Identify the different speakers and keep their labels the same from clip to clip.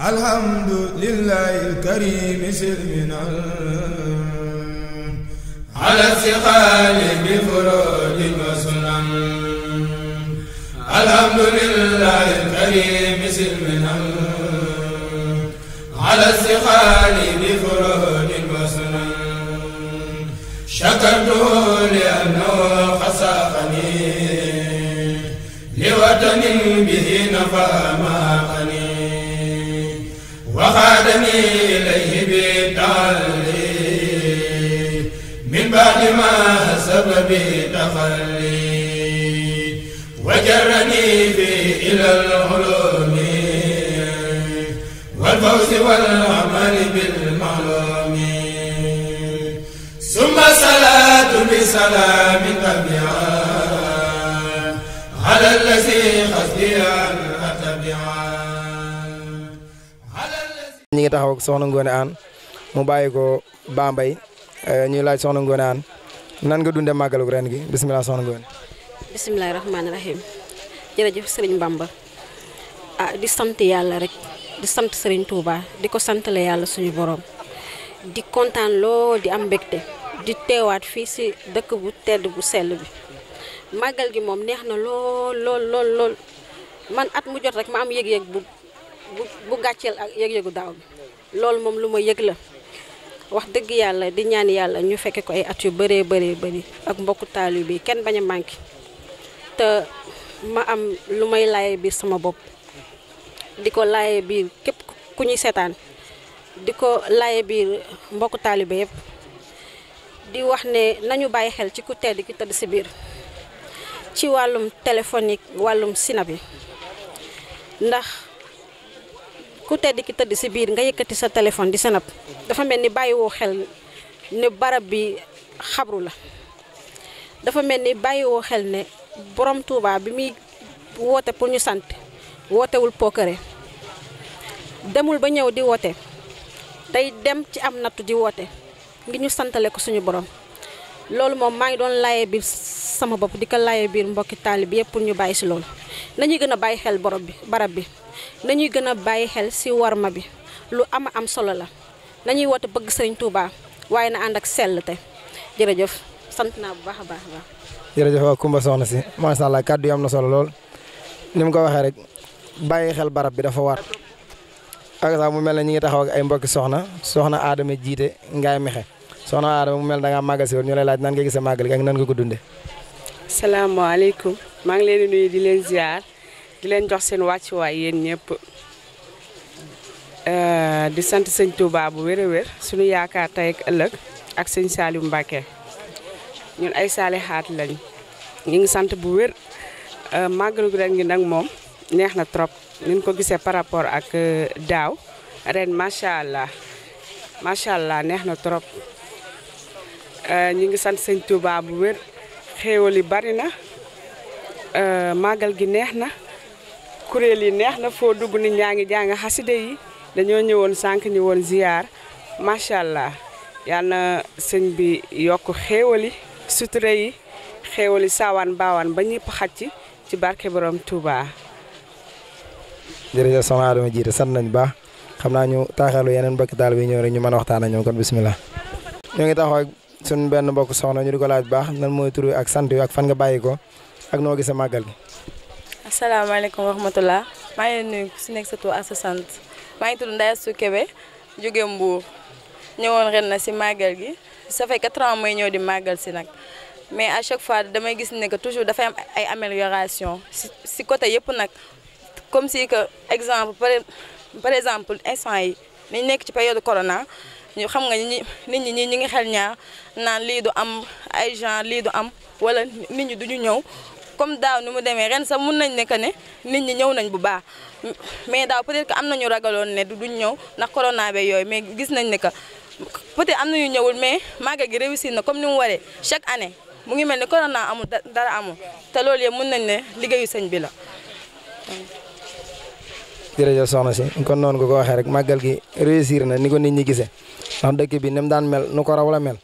Speaker 1: الحمد لله الكريم سلمنا على استقال بفروج وسنن الحمد لله الكريم سلمنا على استقال بفروج وسنن شكرته لأنه خسقني لوطن به نفى أدني إليه بتعلي من بعد ما سبب تخلي وجرني فيه إلى العلوم والفوز والعمل بالمعلوم ثم صلاة بسلام تبعا
Speaker 2: ak soxna ngone an mu bàyyi ko Bambey eh, ñuy laaj soxna ngone an nan nga dundé magaluk ren gi bismillah soxna ngone
Speaker 3: bismillahirrahmanirrahim Serigne Bamba ah di sante yalla rek di sante Serigne Touba di sante santale yalla suñu borom di contane lo, di am de. di teewaat fi ci dekk bu tedd bu sel bi magal gi mom neexna lol lol lol lol man at mu jot rek ma am yeg yeg bu bu gatchel ak yeg yegu daw bi. loolu moom lu ma yëg la wax dëgg yàlla di ñaan yàlla ñu fekke ko ay at yu bëree bëree bëri ak mbokku taalibe bi kenn bañ a manqué te ma am lu may laaye biir sama bopp di ko laaye biir képp ku ñuy seetaan di ko laaye biir mbokku taalibe yépp di wax ne nañu bàyyi xel ci ku tedd ki tëdd si biir ci wàllum téléphonique wàllum sina bi ndax ku tedd ki tedd ci biir nga yëkkati sa téléphone di sanab dafa mel ni bàyyiwoo xel ne barab bi xabru la dafa mel ni bàyyiwoo xel ne borom Touba bi muy woote pour ñu sant wootewul pookare demul ba ñëw di woote tey dem ci am nattu di woote ngi ñu santale ko suñu borom loolu moom maa ngi doon laayee bi sama bopp di ko laayee biir mbokki taali bi yëpp pour ñu bàyyi si loolu nañuy gën a bàyyi xel borom bi barab bi nañuy gëna bayyi xel ci warma bi lu ama am solo la nañuy wote bëgg Serigne Touba waye na and ak sel te jërëjëf sant na bu baax baax a baax
Speaker 2: jërëjëf wa Kumba soxna ci ma sha allah kaddu yi am na solo lool nim ko waxee rek bayyi xel barab bi dafa war ak sa mu melni ñi ngi taxaw ak ay mbokk soxna soxna aadama jiite ngaay mexe soxna aadama mu mel da nga magasi won ñu lay laaj nan nga gisee magal gi ak nan nga ko dundé
Speaker 4: assalamu alaykum ma ngi leen nuyu di leen ziar di len jox way yen yéen euh di sante seigne Touba bu wéré wér suñu yaakaar tay ak ëlëk ak seigne Saliou Mbacké ñun ay salihat lañ ñi ngi sante bu wér euh, màggalu ren gi ngi moom neex na trop ñu ko gisé par rapport ak euh, daw ren macha allah macha allah neex na trop euh, ñu ngi sante seigne Touba bu wér xéewali bari na magal gi neexna kurel yi neex na fo dugg ni ñangi jang jàng yi dañu ñëwoon sank ñu won ziar macha allah yal na bi yok xewali sutre yi xewali sawan bawan ba ñepp xacc ci barke borom Touba.
Speaker 2: ja sama Adama jiite san nañ ba xamna ñu taxalu yenen mbokki dal bi ñew rek ñu mëna waxtaan ak kon bismillah ñu ngi taxaw ak sun benn mbokk soxna ñu diko laaj baax nan moy turu ak sante ak fan nga bayiko ko ak noo gisee magal
Speaker 5: suis wa rahmatullah. je suis à nuyu Je suis sa Je suis sa Je ngi tudd je suis Mbour Ñewon ren na gi ça fait quatre ans que di suis ci mais à chaque fois damay gis ne que toujours fay am ay amélioration si côté yépp nak. comme si que exemple par exemple instant yi ni nek ci période corona ñu xam nga ñi nit ñi ñi ngi xel ñaar naan lii du am ay gens lii du am wala nit ñi duñu ñëw comme daaw ni mu demee ren sax mun nañ ne que ne nit ñi ñëw nañ bu baax mais daaw peut-être que am nañu ragaloon ne duñ ñëw ndax corona be yooyu mais gis nañ ne que peut-être am nañu ñëwul mais màggal gi réussir na comme ni mu waree chaque année mu ngi mel ni koronaa amul dara amul te loolu yëpp mun nañ ne liggéeyu sañ bi la.
Speaker 2: jërëjëf soxna si kon noonu nga ko waxee rek màggal gi réusir na ni ko nit ñi gisee ndax dëkk bi ni mu daan mel nu ko raw la mel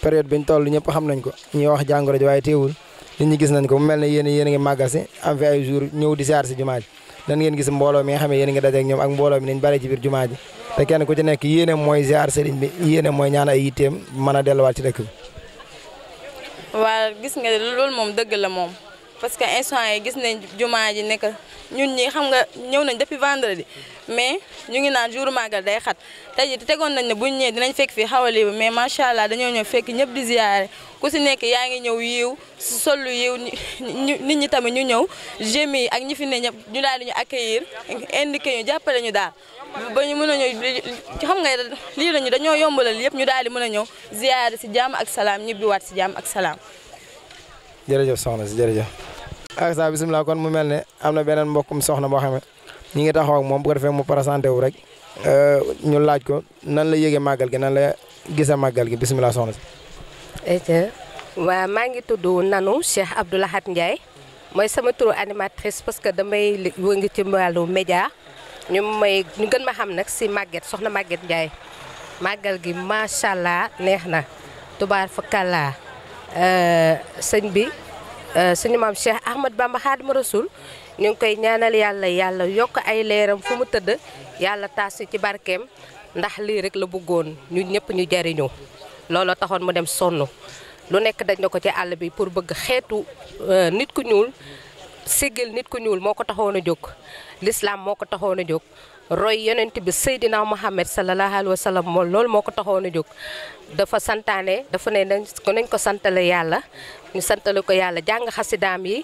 Speaker 2: période biñ toll ñëpp xam nañ ko ñuy wax jàngoro ji waaye teewul. nit ñi gis nañ ko mu mel ne yéen yéen a ngi màggal si am fi ay jour ñëw di siyaar si jumaa ji nan ngeen gis mbooloo mi nga xam a ngi dajeek ñoom ak mbooloo mi bare ci biir te kenn ku nekk yéene mooy siyaar sëriñ bi yéene mooy ñaan ay yitteem mën a delluwaat ci
Speaker 5: gis nga loolu moom dëgg la moom parce que instant yi gis nañ jumaa ji nekk ñun ñi xam nga ñëw nañ depuis vendredi mais ñu ngi naan jour màggal day xat te ji tegoon nañ ne buñ ñëwee dinañ fekk fii xaw a libre mais macha allah dañoo ñëw fekk ñëpp di ziyaare ku si nekk yaa ngi ñëw yiiw sollu yiiw nit ñi tamit ñu ñëw jémi ak ñi fi ne ñëpp ñu daal di ñu accueillir indiqué ñu jàppale ñu daal ba ñu mën a ñëw xam nga lii lañu dañoo yombalal yëpp ñu daal di mën a ñëw ziyaare si jàmm ak salaam ñibbiwaat si jàmm ak salaam
Speaker 2: jërëjëf soxna si ak saa bisimilah kon mu mel ne am na beneen mbokkum soxna boo xam ne ñu ngi taxaw moom bu ko defee mu présenté wu rek euh, ñu laaj ko nan la yëgee màggal gi nan la gisee màggal gi bisimilah soxna si.
Speaker 6: waa maa ngi tudd Nanu Cheikh Abdou Lahad Ndiaye mooy sama turu animatrice parce que damay wëngi ci wàllu média ñu may ñu gën ma xam nag si màgget soxna màgget Ndiaye màggal gi macha allah neex na tubaar fa kàllaa euh, sëñ bi. Euh, suñu maam Cheikh Ahmad Bamba Xaadimu Rasuul ñu ngi koy ñaanal yàlla yàlla yokk ay leeram fu mu tëdd yàlla taas ci barkeem ndax lii rek la bëggoon ñu ñëpp ñu jariñoo looloo taxoon mu dem sonn lu nekk dañ na ko ci àll bi pour bëgg xeetu euh, nit ku ñuul siggil nit ku ñuul moo ko taxoon a jóg lislaam moo ko taxoon a jóg roy yonent bi Seydina Muhammad sallallahu alayhi wa sallam moom loolu moo ko taxoon a jóg dafa santaane dafa ne nañ ko nañ ko santale yàlla ñu santale ko yàlla jàng xasidaam yi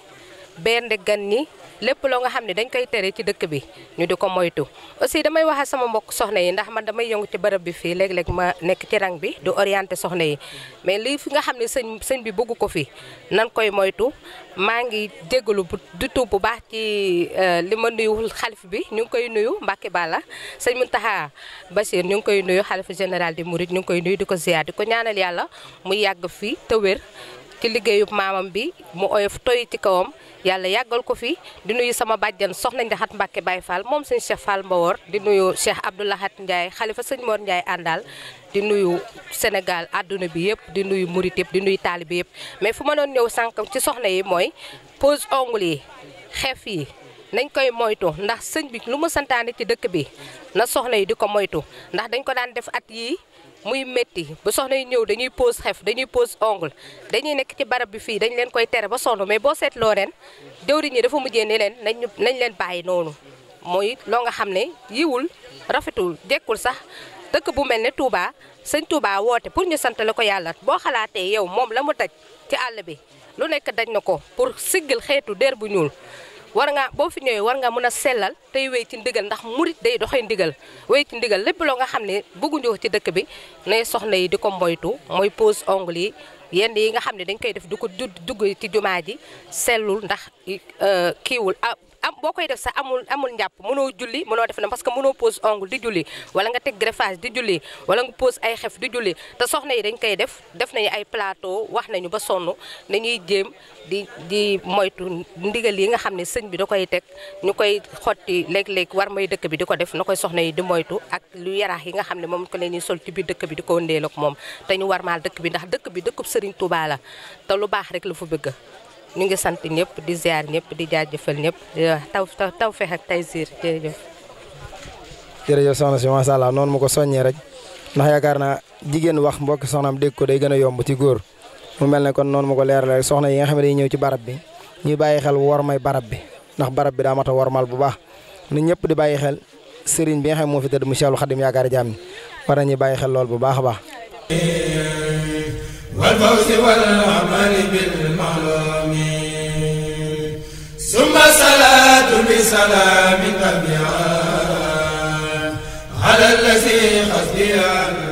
Speaker 6: benn gan ñi lépp loo nga xam ne dañ koy tere ci dëkk bi ñu di ko moytu aussi damay wax sama mbokk soxna yi ndax man damay yëngu ci bërëb bi fii léeg-léeg ma nekk ci rang bi du orienté soxna yi mais lii fi nga xam ne sëñ sëñ bi bëggu ko fii nan koy moytu maa ngi jégalu bu du tuub bu baax ci euh, li ma nuyu xalif bi ñu ngi koy nuyu Mbacke Balla sëñ Mountakha Bassir ñu ngi koy nuyu xalif général di Mouride ñu ngi koy nuyu di ko ziar di ko ñaanal yàlla mu yàgg fii te ci liggéeyub maamam bi mu oyof toy ci kawam yàlla yàggal ko fi di nuyu sama bàjjan soxna Ndiakhate Mbacke Baye Fall moom sëñ Cheikh Fall Mbawor di nuyu Cheikh Abdoulahat Ndiaye xalifa sëñ Mor Ndiaye àndal di nuyu Sénégal àdduna bi yëpp di nuyu murit yëpp di nuyu taalibe yëpp mais fu ma doon ñëw sànq ci soxna yi mooy pose ongle yi xeef yi nañ koy moytu ndax sëñ bi lu mu santaane ci dëkk bi na soxna yi di ko moytu ndax dañ ko daan def at yii muy métti bu soxna yi ñëw dañuy pose xef dañuy pose ongle dañuy nekk ci barab bi fii dañ leen koy tere ba soxna mais boo seetloo ren jëwriñ ñi dafa mujjee ni leen nañ nañ leen bàyyi noonu mooy loo nga xam ne yiwul rafetu jekkul sax dëkk bu mel ne tuubaa sëñ Touba woote pour ñu sant la ko yàlla boo xalaatee yow moom la mu daj ci àll bi lu nekk daj na ko pour siggil xeetu der bu ñuul war ngaa boo fi ñëwee war nga mën a sellal tey wéy ci ndigal ndax murit day doxee ndigal wéy ci ndigal lépp loo nga xam ne bëgguñu ci dëkk bi nay soxna yi di ko mboytu mooy pose ongle yi yenn yi nga xam ne dañ koy def du ko dugg ci jumaa ji sellul ndax euh, kiiwul ah am boo koy def sa amul amul njàpp mënoo julli mënoo def na parce que mënoo pose ongle di julli wala nga teg greffage di julli wala nga pose ay xef di julli te soxna yi dañ koy def def nañu ay plateau wax nañu ba sonn nañuy jéem di di moytu ndigal yi nga xam ne sëñ bi da koy teg ñu koy xotti léeg-léeg war mooy dëkk bi di ko def na koy soxna yi di moytu ak lu yaraax yi nga xam ne moom ko leen ñuy sol ci biir dëkk bi di ko wëndeel ak moom te ñu war maal dëkk bi ndax dëkk bi dëkkub Sëriñ Tuubaa la te lu baax rek la fa bëgg ñu ngi sant ñëpp di ziar ñëpp di jaajëfal ñëpp taw taw fex ak tay siir jërëjëf.
Speaker 2: jërëjëf soxna si macha noonu ma ko soññee rek ndax yaakaar naa jigéen wax mbokk soxnaam dégg ko day gën a yomb ci góor mu mel ne kon noonu ma ko leeralal soxna yi nga xam ne day ñëw ci barab bi ñuy bàyyi xel wormay barab bi ndax barab bi daa mat a wormal bu baax na ñëpp di bàyyi xel sëriñ bi nga xam moo fi tëdd mu Seexul Xadim yaakaar jaam ni war na nañuy bàyyi xel lool bu baax baax.
Speaker 1: والفوز والعمل بالمعلوم ثم صلاة بسلام تبعا على الذي خزي